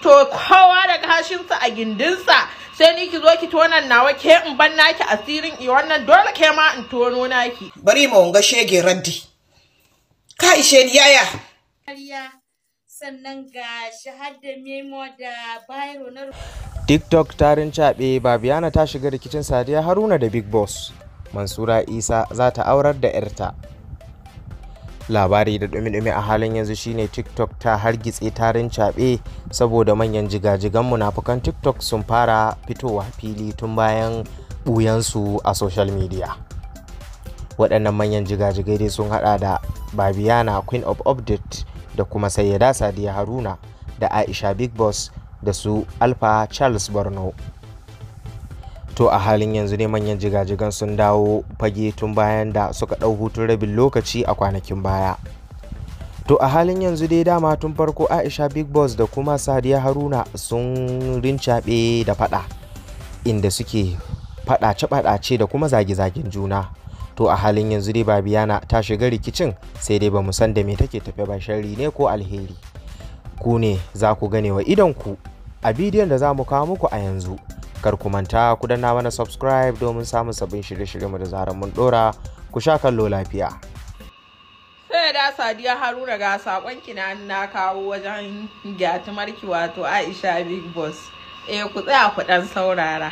fito kowa da kashinsa a gindinsa sai ni ki zo ki tona nawa ke in ban naki asirin i wannan dole ke ma in tono naki bari mu ga shege raddi ka ishe ni yaya sannan ga memo da bayro na TikTok tarin caɓe Babiana ta shiga rikicin Sadiya Haruna da Big Boss. Mansura Isa za ta aurar da 'yarta. labari da dumi-dumi a halin yanzu shine tiktok ta hargitse tarin caɓe saboda manyan jigajigan munafukan tiktok sun fara fitowa fili tun bayan buyansu a social media waɗannan manyan jigajigai dai sun hada da babiana queen of update da kuma sayyada sadiya haruna da aisha big boss da su alpha charles borno to a halin yanzu ne manyan jigajigan sun dawo fage tun bayan da suka ɗau hutun rabin lokaci a kwanakin baya to a halin yanzu dai dama tun farko aisha big boss da kuma sadiya haruna sun rincaɓe da faɗa inda suke faɗace fadace da kuma zage-zagen juna to a halin yanzu dai babiyana ta shiga rikicin sai dai bamu san da me take tafe ba sharri ne ko alheri ku ne za ku gane wa ku a bidiyon da za mu kawo muku a yanzu kar ku manta ku danna mana subscribe domin samun sabbin shirye-shiryenmu da zarar mun dora ku sha kallo lafiya sai da sadiya haruna ga sakon kina na kawo wajen gyatumarki wato aisha big boss eh ku tsaya ku dan saurara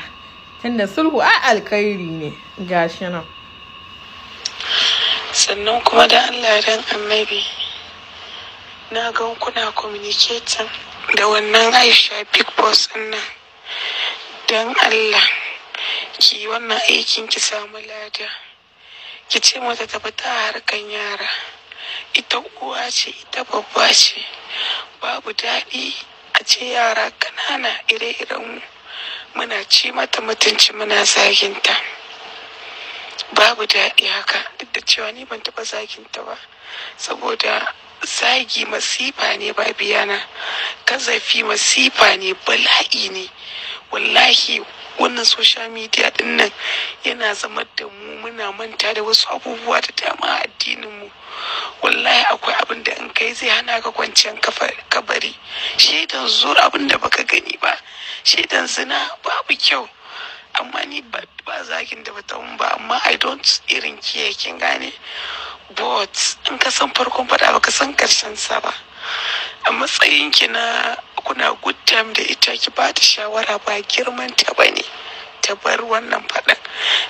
tunda sulhu a alkhairi ne gashi nan sannan kuma da allah dan annabi na ga kuna communicating da wannan aisha big boss nan don Allah ki yi wannan aikin ki samu lada ki ce mata ta fita a harkan yara ita uwa ce ita babba ce babu daɗi a ce yara ƙanana ire-iren muna ci mata mutunci muna zaginta babu daɗi haka duk da cewa ni ban taɓa zaginta ba saboda zagi masifa ne ba biyana kazafi masifa ne bala'i ne wallahi wannan social media din nan yana zama da mu muna manta da wasu abubuwa da dama a addinin mu wallahi akwai abin da in kai zai hana ka kwanciyar kabari shaidan zura abin da baka gani ba shaidan zina babu kyau amma ni ba zagin da bata mun ba amma i don't irin kiyaye kin gane but in ka san farkon fada baka san karshen sa ba a matsayin ki na kuna good time da ita ki ba ta shawara ba girman ta ne ta bar wannan faɗan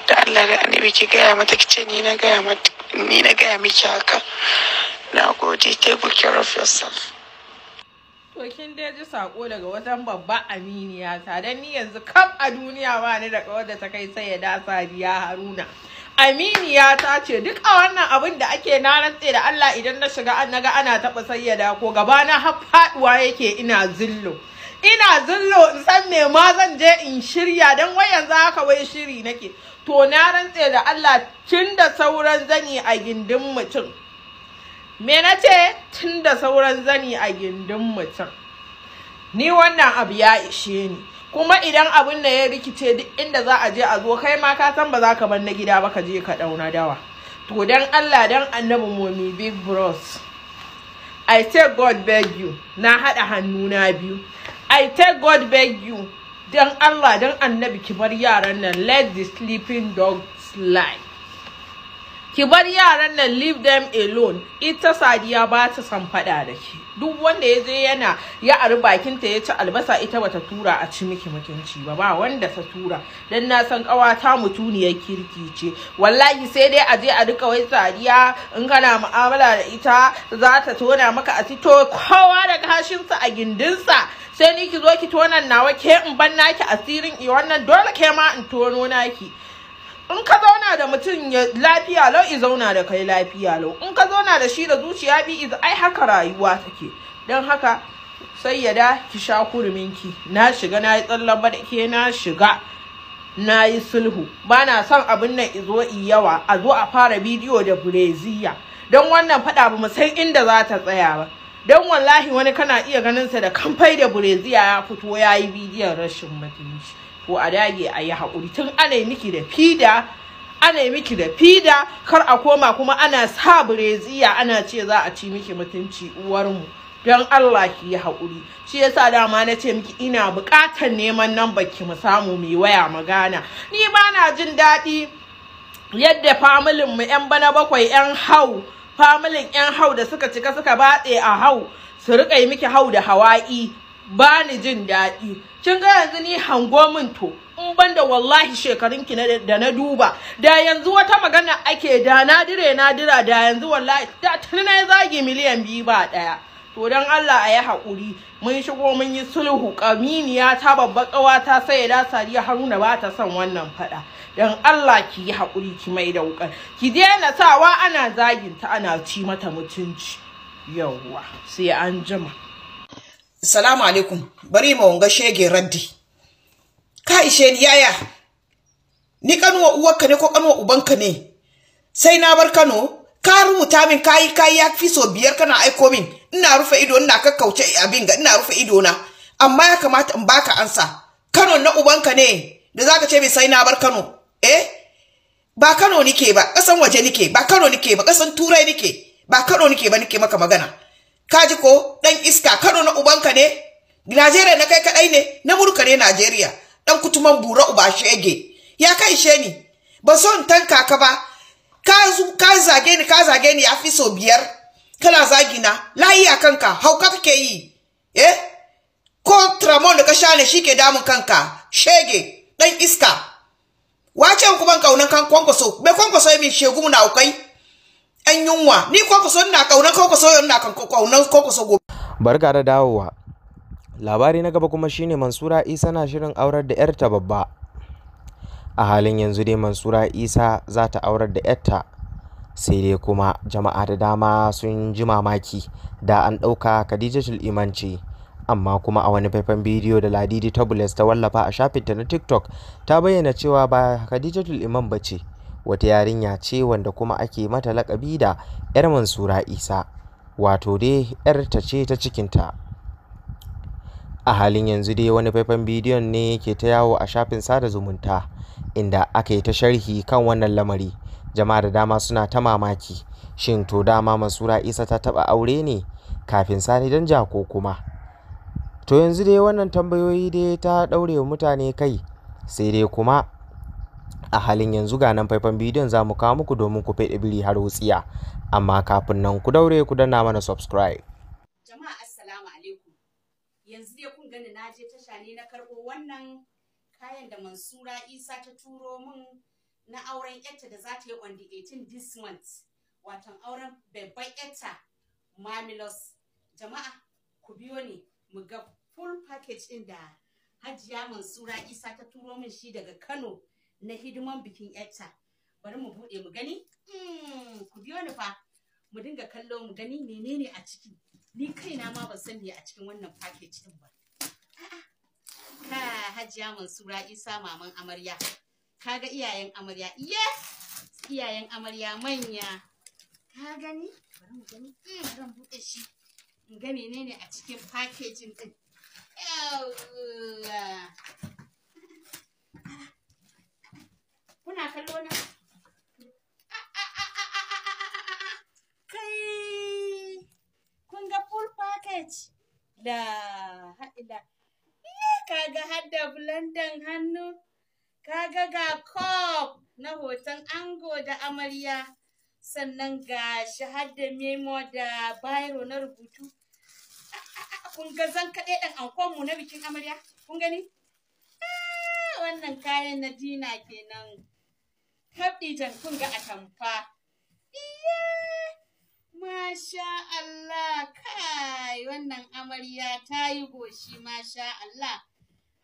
da Allah da annabi ki gaya mata ki ce ni na gaya maki miki haka na gode take care of yourself to kin dai ji sako daga wajen babba aminiya ta ni yanzu kam a duniya ba ni da ƙawar da ta kai sai ya da sadiya haruna aminiya ta ce duk a wannan abin da ake na rantse da Allah idan na shiga na ga ana taɓa sayyada ko gaba na har faɗuwa yake ina zillo ina zillo in san me ma zan je in shirya don wai yanzu haka wai shiri nake to na rantse da Allah tun da sauran zani a gindin mutum me na ce tun da sauran zani a gindin mutum ni wannan abu ya ishe ni kuma idan abin da ya rikice duk inda za a je a zo kai ma ka san ba za ka bar na gida ba ka je ka dauna dawa to dan Allah dan annabi momi big bros i take god beg you na hada hannu na biyu i take god beg you dan Allah dan annabi ki bar yaran nan let the sleeping dogs lie ki bar yaran nan leave them alone ita sadiya ba ta san fada da ki duk wanda ya je yana ya ari bakin ta ya ci albasa ita bata tura a ci miki mutunci ba ba wanda ta tura dan na san kawata mutuniyar kirki ce wallahi sai dai a je a duka wai sadiya in kana mu'amala da ita za ta tona maka a to kowa daga sa a gindinsa sai ni ki zo ki tonan nawa ke in ban naki asirin i eh, wannan dole ke ma in tono naki in ka zauna da mutum lafiya lau i zauna da kai lafiya lau in ka zauna da shi da zuciya bi ai haka rayuwa take don haka sai ya da ki sha kurminki na shiga na yi ba ke, na shiga na yi sulhu ba na son abin nan izo yawa a zo a fara bidiyo da bureziya don wannan faɗa ba mu san inda za ta tsaya ba don wallahi wani kana iya ganin sa da kamfai da bureziya ya fito ya yi bidiyon rashin mutunci ko a dage a yi haƙuri tun ana miki da fida ana miki da fida kar a koma kuma ana sa bireziya ana ce za a ci miki mutunci uwarmu don Allah ki yi haƙuri shi yasa dama na ce miki ina buƙatar neman nan baki mu samu mai waya magana ni ba na jin daɗi yadda familin mu yan bana bakwai yan hau familin yan hau da suka cika suka batse a hau su rika yi miki hau da hawa'i bani jin daɗi kin ga yanzu ni hango min to in ban da wallahi shekarun ki da na duba da yanzu wata magana ake da na dire na dira da yanzu wallahi da tuni na zagi miliyan biyu ba ɗaya to don Allah a yi haƙuri mun shigo mun yi sulhu kaminiya ta babbar ƙawata sai da sariya haruna ba ta son wannan faɗa dan Allah ki yi haƙuri ki mai da wuƙar ki daina sawa ana zaginta ana ci mata mutunci yawwa sai an jima. salamu alaikum bari ma wanga shege raddi ka ishe ni yaya ni kanuwa uwarka ne ko kanuwa ubanka ne sai na bar Kano ka rubuta min kayi kayi ya fi so biyar kana aiko min ina rufe ido ina kakkauce abin ga ina rufe ido na amma ya kamata in baka ansa Kano na ubanka ne da zaka ce min sai na bar Kano eh ba Kano nike ba kasan waje nike ba Kano nike ba kasan Turai nike ba Kano nike ba nike maka magana kaji ko ɗan iska karo na ubanka ne Najeriya na kai kaɗai ne na murka ne Najeriya Ɗan kutuman bura uba shege ya kai she ni ba so in tanka ka ba ka ka zage ni ka zage ni ya fi so biyar Kala zagi na layi a kanka hauka kake yi eh ko tramon da ka sha ne shike damun kanka shege dan iska wace kuma kaunan kan kwankwaso bai kwankwaso min shegu na ukai 'yan yunwa ni so ina so ina kan so gobe. barka da dawowa labari na gaba kuma shine mansura isa na shirin aurar da 'yarta babba a halin yanzu dai mansura isa za ta aurar da 'yarta sai dai kuma jama'a da dama sun ji mamaki da an ɗauka khadijatul imanci amma kuma a wani faifan bidiyo da ladidi tabulus ta wallafa a shafinta na tiktok ta bayyana cewa ba khadijatul iman ba ce wata yarinya ce wanda kuma ake mata lakabi da 'yar Mansura Isa wato dai yar ta ce ta cikinta. A halin yanzu dai wani faifan bidiyon ne ke ta yawo a shafin sada zumunta inda aka yi ta sharhi kan wannan lamari. Jama'a da dama suna ta mamaki shin to dama Mansura Isa ta taba aure ne kafin Sani Danja ko kuma? To yanzu dai wannan tambayoyi dai ta ɗaure mutane kai sai dai kuma a halin yanzu ga nan faifan bidiyon za mu kawo muku domin ku faɗi biri har wutsiya amma kafin nan ku daure ku danna mana subscribe jama'a assalamu alaikum yanzu dai kun gani na je tasha ne na karbo wannan kayan da mansura isa ta turo min na auren yarta da za ta yi on the 18 this month watan auren babban yarta mamilos jama'a ku biyo ni mu ga full package ɗin da hajiya mansura isa ta turo min shi daga kano na hidiman bikin yarta bari mu buɗe mu gani hmm, ku biyo ni fa mu dinga kallo mu gani menene a ciki ni kaina ma ban san me a cikin wannan package din ba ka hajiya mansura isa maman amarya kaga iyayen amarya yes iyayen amarya manya ka gani bari mu gani ran hmm, bude buɗe shi in ga menene a cikin packaging din yawwa kuna kallo na kai kun ga full package la haɗila kaga hadda blandan hannu kaga ga cup na hoton ango da amarya sannan ga shi hadda memo da bayro na rubutu kun ga zan kaɗe ɗan ankonmu na bikin amarya kun gani ah, wannan kayan na dina kenan Habdijan kun ga atamfa. Iye! Masha Allah kai wannan amarya ta yi goshi masha Allah.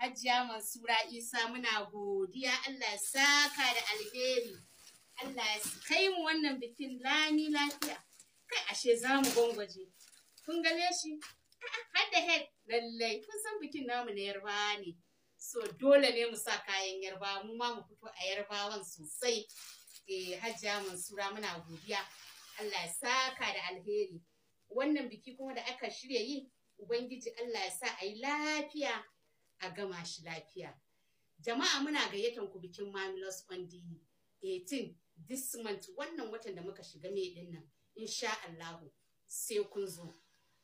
Hajiya Mansura Isa muna godiya Allah ya saka da alheri. Allah ya kai mu wannan bikin lami lafiya. Kai ashe za mu gwangwaje. Kun gane shi? Hadda head lallai kun san bikin namu na yarba ne. so dole ne mu sa kayan yarba mu ma mu fito a yarbawan sosai eh hajjia mansura muna godiya Allah ya saka da alheri wannan biki kuma da aka shirya yi ubangiji Allah ya sa a lafiya a gama shi lafiya jama'a muna gayyatan ku bikin mamilos on the 18 this month wannan watan da muka shiga mai din nan insha Allah sai kun zo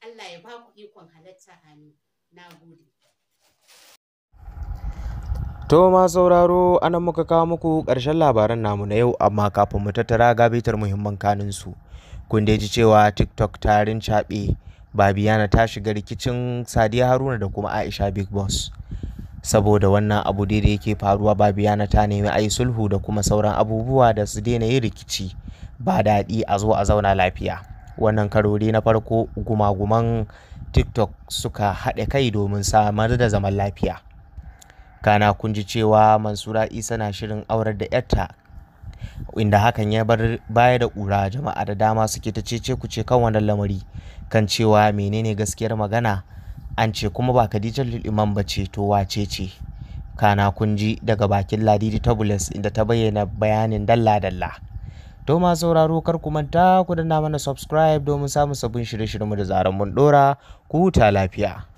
Allah ya ba ku ikon halatta amin na gode To ma sauraro anan muka kawo muku ƙarshen labaran namu na yau amma kafin mu tattara gabitar muhimman kanin su. Kun ji cewa TikTok ta rincaɓe Babiyana ta shiga rikicin Sadiya Haruna da kuma Aisha Big Boss. Saboda wannan abu da yake faruwa Babiyana ta nemi a sulhu da kuma sauran abubuwa da su daina yin rikici ba daɗi a zo a zauna lafiya. Wannan karori na farko gumaguman TikTok suka haɗa kai domin samar da zaman lafiya. kana kun ji cewa mansura isa na shirin aurar da yarta inda hakan ya bar baya da ƙura jama'a da dama suke ta cece ku ce kan wannan lamari kan cewa menene gaskiyar magana an ce kuma ba khadija imam ba ce to wace ce kana kun ji daga bakin ladidi tabulus inda ta bayyana bayanin dalla-dalla to ma sauraro kar ku manta ku danna mana subscribe domin samun sabbin shirye-shiryenmu da zaran mun dora ku ta lafiya